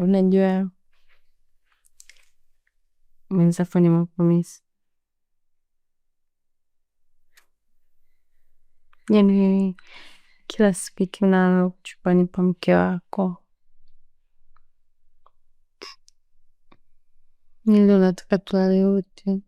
Unajua mwenza fanya mapomezi yani kila siku ikilala chumbani pa mke wako ili yaani, unataka tulale wote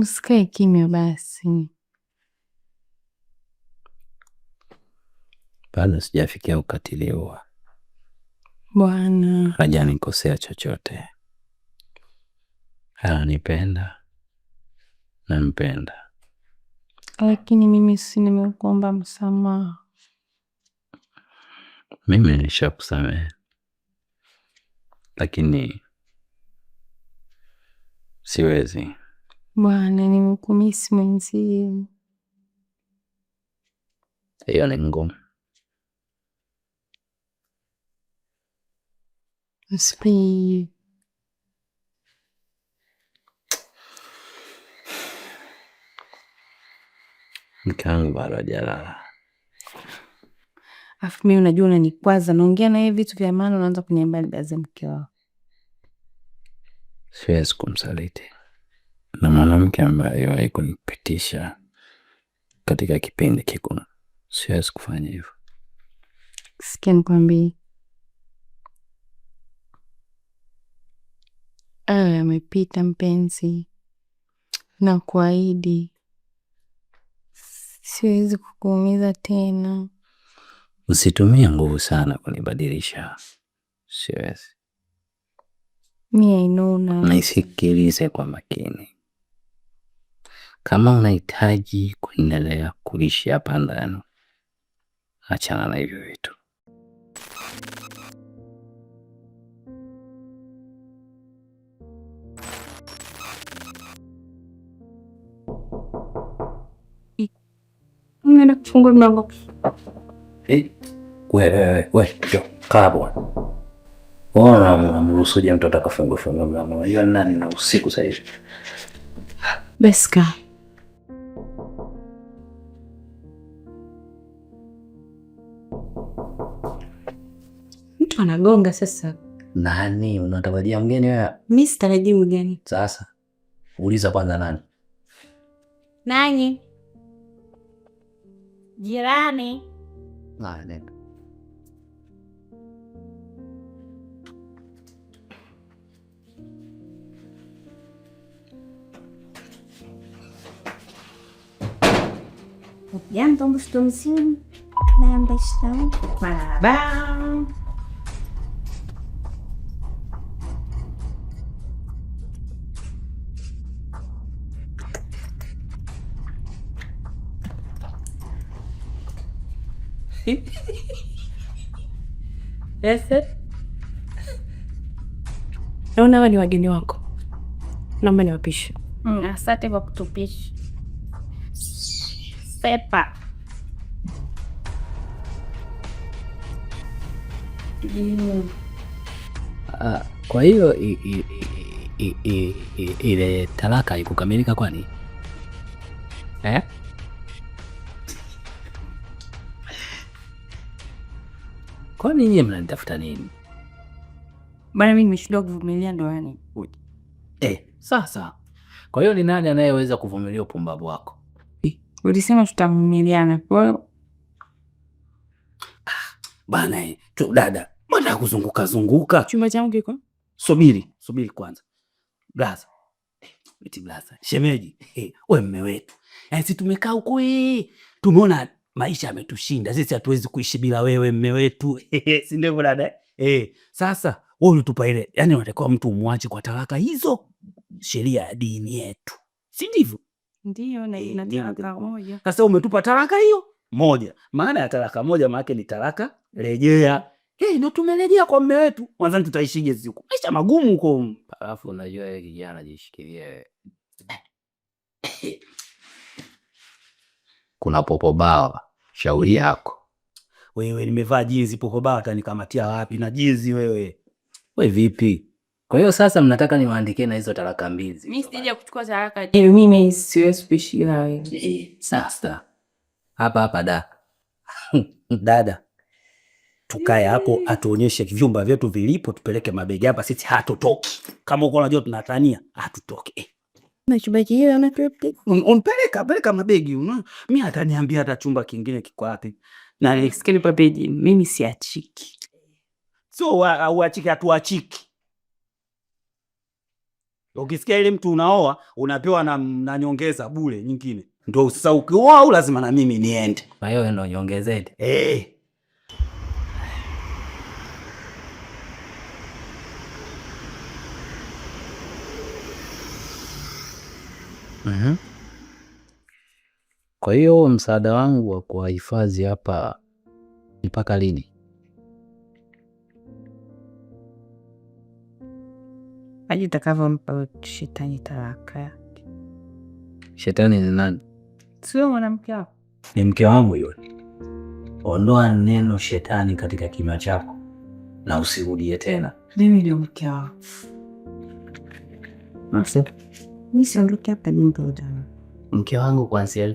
Usikae kimya basi. Bado sijafikia ukatiliwa bwana. Hajanikosea chochote, ananipenda, nampenda. Lakini mimi si nimekuomba msamaha? Mimi nishakusamehe, lakini siwezi Bwana nimkumisi mwenzie. Hiyo ni ngumu. Usipie. Mke bado hajalala. Afu mimi unajua unanikwaza, naongea yeye vitu vya maana unaanza kuniambia nibaze mke wako. Siwezi kumsaliti na mwanamke ambaye aliwahi kunipitisha katika kipindi kikuna Siwezi kufanya hivyo. Sikia nikwambie, ayo yamepita mpenzi, na kuahidi siwezi kukuumiza tena. Usitumie nguvu sana kunibadilisha, siwezi. Mi ainuna, naisikilize kwa makini. Kama unahitaji kuendelea kuishi hapa ndani, achana na hivyo vitu. Unaenda kufungua mlango? Eh, wewe kaa bwana. Ona mruhusu je mtoto akafungue fungue mlango. Unajua nani na usiku sasa hivi. Beska. anagonga sasa. Nani unatarajia mgeni wewe? Mi sitarajii mgeni. Sasa uliza kwanza nani? Nani? Jirani. Ah, nenda. Jambo mtu mzima. Naomba shukrani. Marahaba. Yes, naona hawa ni wageni wako, naomba niwapishe. Mm, asante kwa kutupisha. Sepa Uh, kwa hiyo ile talaka ikukamilika kwani? Kwani nyie mnanitafuta nini bana? Mimi nimeshindwa kuvumilia yani. Eh, sasa kwa hiyo ni nani anayeweza kuvumilia upumbavu wako? Ulisema tutavumiliana kwa hiyo ah, bana eh, tu dada, mbona kuzunguka zunguka? Chumba changu kiko. Subiri, subiri kwanza. Blaza. Eh, eti blaza. Shemeji, wewe eh, mme wetu. Yaani si tumekaa huko eh. Tumeona maisha yametushinda sisi, hatuwezi kuishi bila wewe, mme wetu, si ndio bwana? Eh, sasa wewe ulitupa ile, yani unatakiwa mtu umwache kwa talaka hizo, sheria ya dini yetu, si ndivyo? Ndio, na eh, ina talaka moja. Sasa umetupa talaka hiyo moja, maana ya talaka moja maana ni talaka rejea. Hey, eh, ndio tumerejea kwa mme wetu. Mwanzani tutaishije siku? Maisha magumu huko. Alafu unajua yeye kijana jishikilie kuna popobawa, shauri yako wewe. Nimevaa jinzi, popobawa atanikamatia wapi na jinzi? Wewe we vipi? Kwa hiyo sasa mnataka niwaandikie na hizo taraka mbili? Mimi sija kuchukua taraka, eh, mimi siwe kuishi na wewe eh. sasa hapa hapa. Da dada, tukae hapo, eh. atuonyeshe vyumba vyetu vilipo, tupeleke mabegi hapa. Sisi hatutoki, kama uko unajua tunatania, hatutoki Unipeleka peleka mabegi, mi ataniambia hata chumba kingine kiko wapi. Na nisikeni papeji, mimi siachiki. so uachiki, atuachiki Ukisikia ile mtu unaoa unapewa na, na nyongeza bure nyingine, ndio usisauki. Wow, lazima na mimi niende, na hiyo ndio nyongezeni. Eh. Mhm. Kwa hiyo msaada wangu wa kuwahifadhi hapa mpaka lini? Hadi utakavyompa shetani talaka yake. Shetani ni nani? Sio mwanamke wako? Ni mke wangu yule. Ondoa neno shetani katika kinywa chako na usirudie tena. Mimi ndio mke wako. Mke wangu kuanzia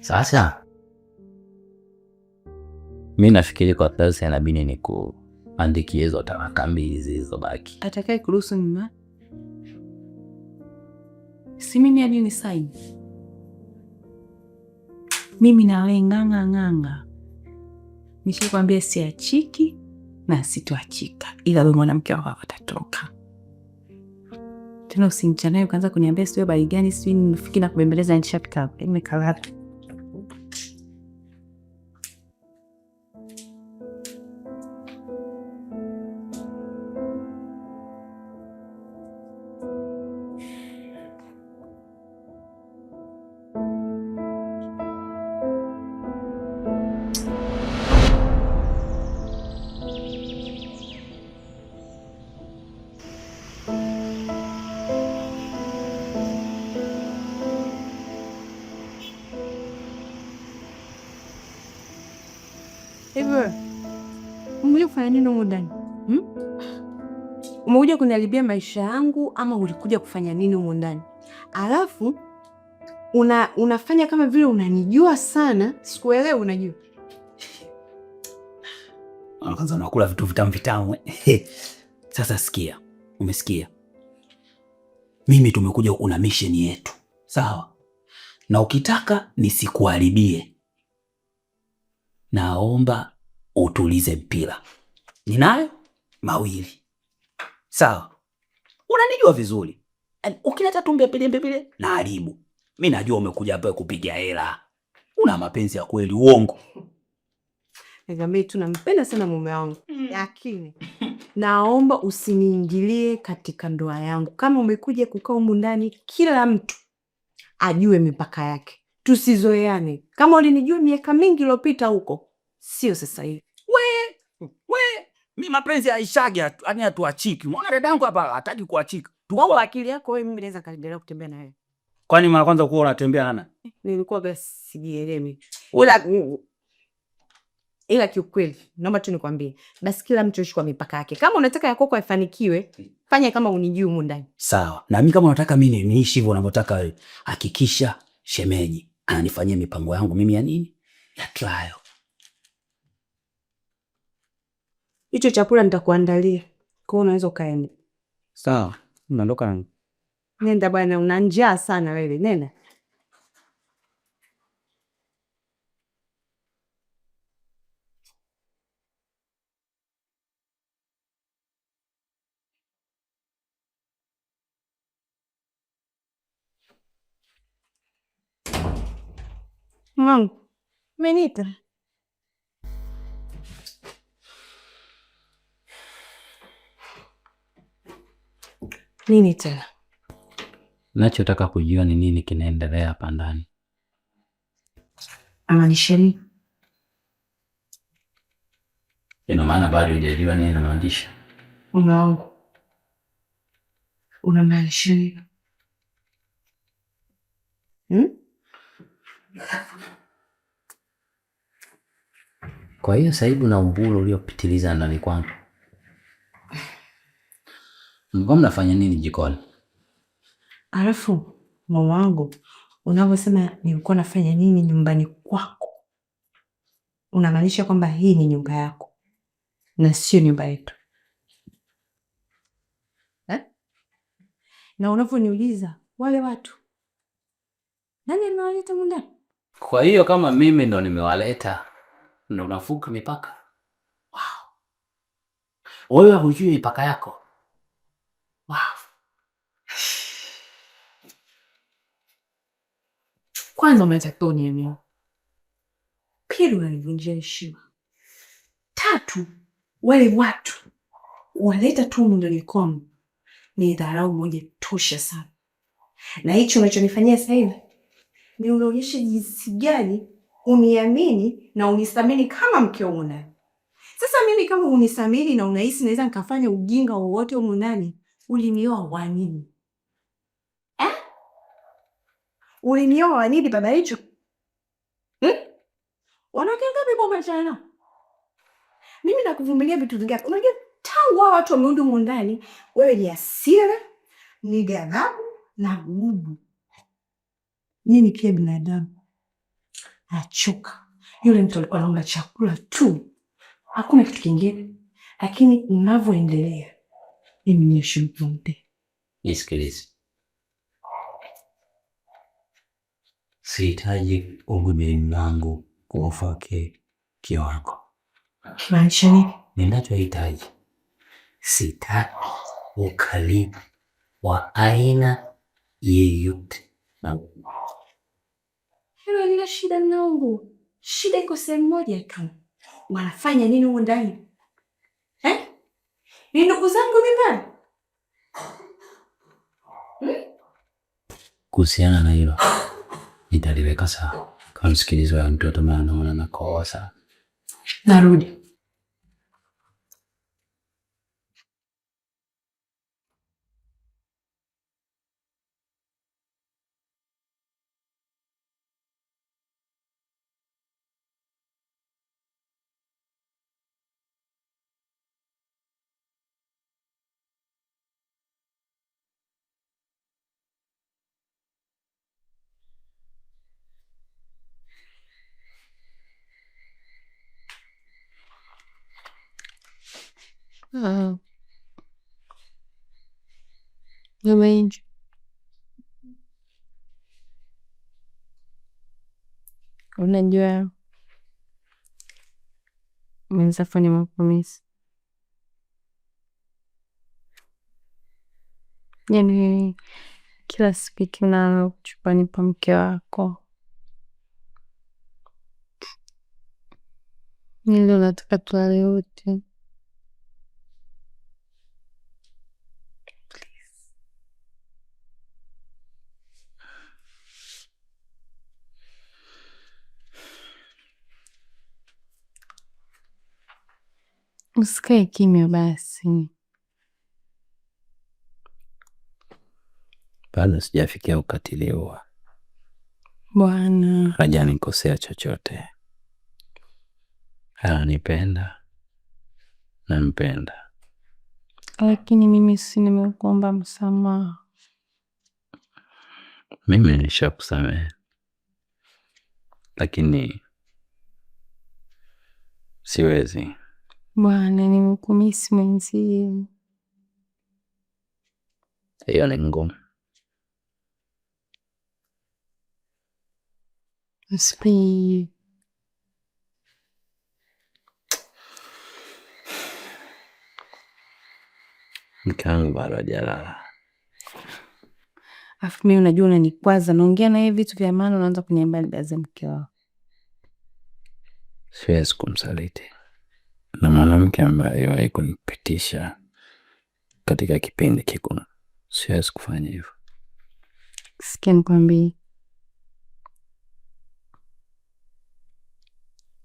sasa, mi nafikiri kwa sasa inabidi nikuandikie hizo talaka mbili zilizobaki. Atakaye kuruhusu nyuma si mimi hadi unisaini mimi na wewe ng'ang'a ng'ang'a. Nishakwambia siachiki na sitoachika, ila we mwanamke wako atatoka tena. Usinichanae ukaanza kuniambia sio bali gani, sio nifiki na kubembeleza nishapika, yaani nimekalala kufanya nini humu ndani hmm? Umekuja kuniharibia maisha yangu ama ulikuja kufanya nini humu ndani? Alafu una, unafanya kama vile unanijua sana, sikuelewi. Unajua kwanza unakula vitu vitamu vitamu. Sasa sikia, umesikia? Mimi tumekuja, kuna misheni yetu, sawa? Na ukitaka nisikuharibie, naomba utulize mpira ninayo mawili. Sawa, unanijua vizuri. Yaani, ukileta tumbe pili mbili na haribu. Mi najua umekuja hapa kupiga hela, una mapenzi ya kweli. Uongo nikwambie tu, nampenda sana mume wangu, mm. lakini naomba usiniingilie katika ndoa yangu. Kama umekuja kukaa humu ndani, kila mtu ajue mipaka yake, tusizoeane. Kama ulinijua miaka mingi iliyopita huko, sio sasa hivi. we we Mi mapenzi aishage yani hatuachiki. Unaona dadangu hapa hataki kuachika. Tuko akili yako wewe, mimi naweza kaendelea kutembea na wewe. Kwani mara kwanza kuwa unatembea hana? Nilikuwa basi sijielewi. Ula ila kiukweli naomba tu nikwambie basi, kila mtu ishi kwa mipaka yake. Kama unataka ya kwako ifanikiwe, fanya kama unijui humu ndani, sawa na mi, Kama unataka mimi niishi hivyo unavyotaka wewe, hakikisha shemeji ananifanyia mipango yangu mimi ya nini ya trial. hicho chakula nitakuandalia, kwa hiyo unaweza ukaenda. Sawa, naondoka. Nenda bwana, una njaa sana wewe, nenda. Mwangu, menita Nini tena? Nachotaka kujua ni nini kinaendelea hapa ndani. Amani Sheri, ina maana bado hujajua nini namaanisha? Unaongo, unamaanisha nini? hmm? Kwa hiyo saibu na umbulu uliopitiliza ndani kwangu Mlikuwa mnafanya nini jikoni? Alafu mama wangu, unavyosema nilikuwa nafanya nini nyumbani kwako, unamaanisha kwamba hii ni nyumba yako na sio nyumba yetu eh? Na unavyoniuliza wale watu nani amewaleta mundani? Kwa hiyo kama mimi ndo nimewaleta ndo unafuka mipaka? Wow. Wewe hujui mipaka yako Kwanza unatakiwa unielewe, pili unanivunjia heshima, tatu wale watu waleta tu mundani ni dharau moja tosha sana, na hicho unachonifanyia sasa hivi ni unaonyesha jinsi gani uniamini na unisamini kama mke wangu Sasa mimi kama unisamini na unahisi naweza nikafanya ujinga wowote umunani ndani, ulinioa wanini? Ulinioa nini baba hicho? Hmm? Mimi nakuvumilia vitu vingapi? Unajua tangu hao watu wameunda huko ndani, wewe ni hasira, ni ghadhabu na gubu. Nini kia binadamu? Nachoka. Yule mtu alikuwa anaomba chakula tu. Hakuna kitu kingine. Lakini unavyoendelea, mimi nishuhudia. Nisikilize. Sihitaji ugubeni wangu kuufake mke wako. Maanisha nini? Ninachohitaji, sitaki ukaribu wa aina yeyote. Hilo lilo shida nangu. Shida iko sehemu moja tu, wanafanya nini huko ndani eh? Ni ndugu zangu kuhusiana na hilo n i t a l i w e k a sawa. Kamsikilize wa mtoto, maana naona nakosa. Narudi. Amayinju unajua unaweza fanya mapomezi yaani kila siku nalala chumbani pa mke wako ili unataka tulale wote Usikae kimya basi. Bado sijafikia ukatiliwa bwana. Hajanikosea chochote, ananipenda, nampenda. Lakini mimi si nimekuomba msamaha? Mimi nishakusamehe, lakini siwezi Bwana nimkumisi mwenzie. Hiyo ni ngumu. Msipie mke bado hajalala, afu mimi unajua unanikwaza, naongea yeye vitu vya maana, unaanza kuniambia alibaze mke wao. Siwezi kumsaliti na mwanamke ambaye aliwahi kunipitisha katika kipindi kigumu. Siwezi kufanya hivyo. Sikia nikwambie,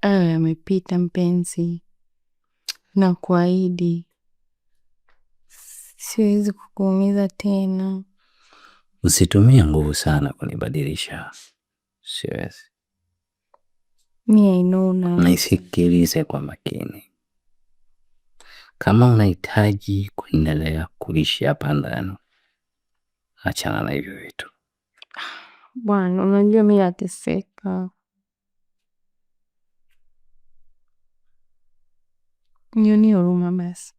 ayo yamepita mpenzi, na kuahidi siwezi kukuumiza tena. Usitumie nguvu sana kunibadilisha, siwezi. ni ainona, naisikilize kwa makini. Kama unahitaji kuendelea kuishi hapa ndani, achana na hivyo vitu bwana. Unajua mi nateseka, nionee huruma basi.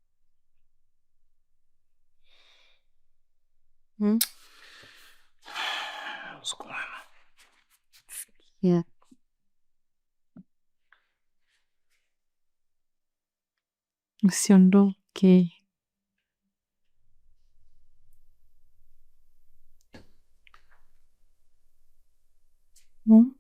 Hmm? yeah. Usiondoke. Hmm?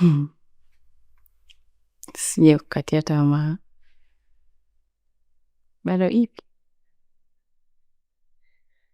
Hmm. Sija kukatia tamaa bado ipi?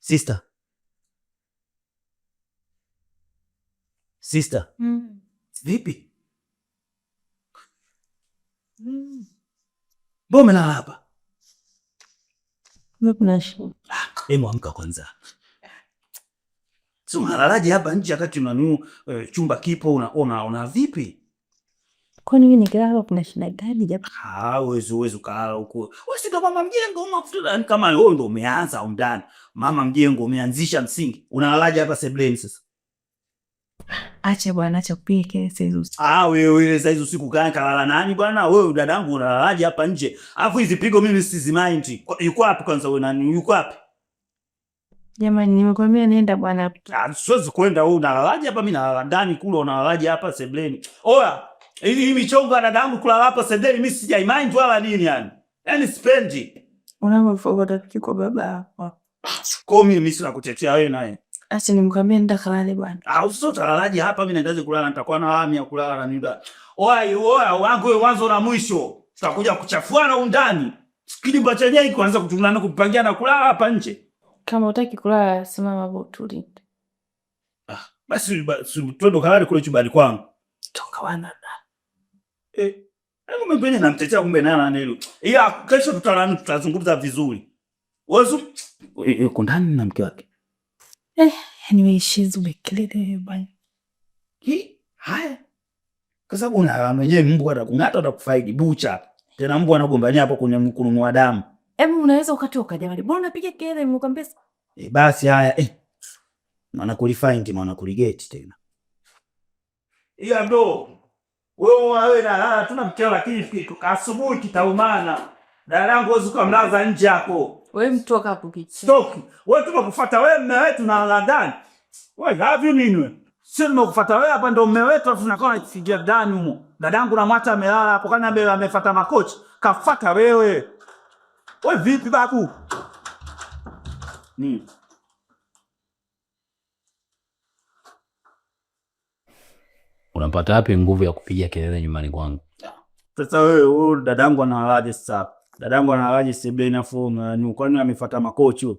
sister sister mm. vipi mm. umelala hapa ah, amka kwanza si unalalaje hapa nje wakati unanuu eh, chumba kipo una, una, una vipi Kwani mimi nikilala kuna shida gani? Japo uwezi ukalala huku, wewe, mama mjengo unafuta kama wewe ndo umeanza au ndani mama mjengo umeanzisha msingi, unalalaje hapa sebleni sasa? Acha bwana, acha kupiga kelele hizo. wewe sasa usiku kaa kalala nani bwana? Wewe dadangu unalalaje hapa nje? Alafu hizi pigo mimi sizimind. Yuko wapi kwanza wewe nani? Yuko wapi? Jamani, nimekwambia nenda bwana. Ah, siwezi kwenda wewe unalalaje hapa mimi nalala ndani kule unalalaje hapa sebleni. Oya, Hivi hii michongo ya dadangu kulala hapa sendeni mimi sijaimind wala nini yani. Yaani sipendi. Unamfuata kwa baba hapa. Kwa mimi mimi sina kutetea wewe naye. Asi nimkwambie nenda kalale bwana. Ah, usio talalaji hapa mimi naendaje kulala nitakuwa na hamu ya kulala na nida. Oa oa wangu wewe mwanzo na mwisho. Tutakuja kuchafuana undani. Kilimba chenyewe kuanza kutunana kupangia na kulala hapa nje. Kama utaki kulala simama hapo tulinde. Ah, basi tuende kalale kule chumbani kwangu. Toka wana Eh, hebu yaani mbele namtetea kumbe nani nani hilo. kesho tutaona tutazungumza vizuri. Wewe eh, uko ndani na mke wake. Eh, anyway she's umekelele eh, bwana. Ki haya. Kwa sababu una mwenyewe mbwa atakung'ata atakufaidi bucha. Tena mbwa anagombania hapo kwenye kununua damu. Hebu unaweza ukatoka jamani. Bora unapiga kelele mnikwambia. Eh, basi haya eh. Maana kulifind maana kuligeti tena. Iya ndo wewe wawe na lala, ah, tuna mkeo lakini fikiri asubuhi kitaumana. Dada yangu wewe uko mlaza nje hapo. Wewe mtoka hapo kichi. Stop. Wewe tumekufuata wewe mume wetu na ladani. Wewe have you nini wewe? Sio nimekufuata wewe hapa ndio mume wetu afu tunakaa tusigia ndani humo. yangu na mwacha amelala hapo kana mbele amefuata makochi. Kafuata wewe. Wewe vipi babu? Nini? unapata wapi nguvu ya kupiga kelele nyumbani kwangu? Sasa wewe huyu dadangu analaje? Sasa dadangu analaje? Sibei nafuu na kwani amefuata makocho.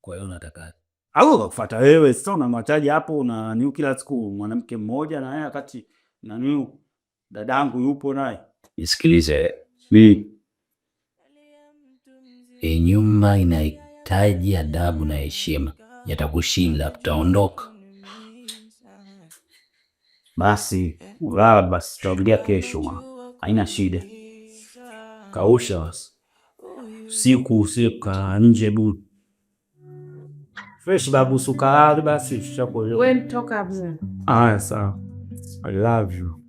Kwa hiyo unataka au kufuata wewe? Sasa unamwataji hapo na ni kila siku mwanamke mmoja na yeye, wakati na ni dadangu yupo naye. Nisikilize Mi. E, nyumba inahitaji adabu na heshima. Yatakushinda, utaondoka. Basi lala basi, tutaongea kesho ma, haina shida. Kausha basi, siku usika nje bu fresh babu, sukalali basi, tushakuelewa. Wewe toka absent. Ah, sawa, I love you.